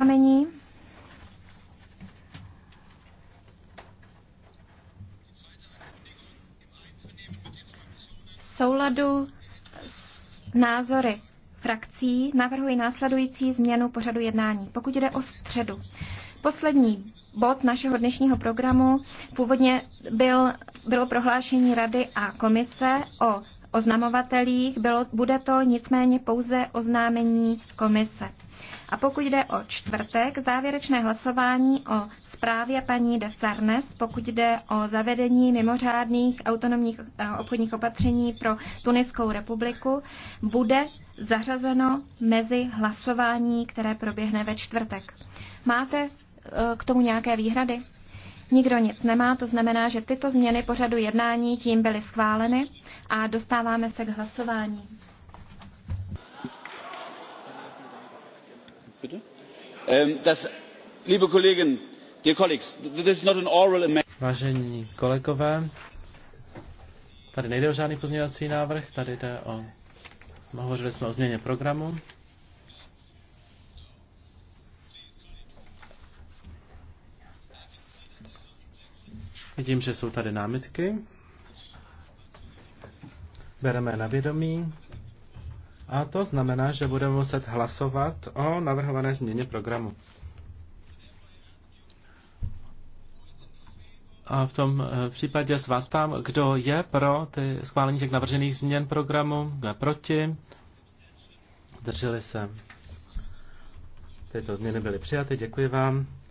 oznámení. V souladu s názory frakcí navrhuji následující změnu pořadu jednání. Pokud jde o středu, poslední bod našeho dnešního programu původně byl, bylo prohlášení Rady a komise o oznamovatelích, bylo, bude to nicméně pouze oznámení komise. A pokud jde o čtvrtek, závěrečné hlasování o zprávě paní de Sarnes, pokud jde o zavedení mimořádných autonomních eh, obchodních opatření pro Tuniskou republiku, bude zařazeno mezi hlasování, které proběhne ve čtvrtek. Máte eh, k tomu nějaké výhrady? Nikdo nic nemá, to znamená, že tyto změny pořadu jednání tím byly schváleny a dostáváme se k hlasování. Ähm, Vážení kolegové, tady nejde o žádný pozměňovací návrh, tady jde o... Hovořili jsme o změně programu. Vidím, že jsou tady námitky. Bereme na vědomí. A to znamená, že budeme muset hlasovat o navrhované změně programu. A v tom eh, případě s vás ptám, kdo je pro ty schválení těch navržených změn programu, kdo je proti. Drželi se. Tyto změny byly přijaty, děkuji vám.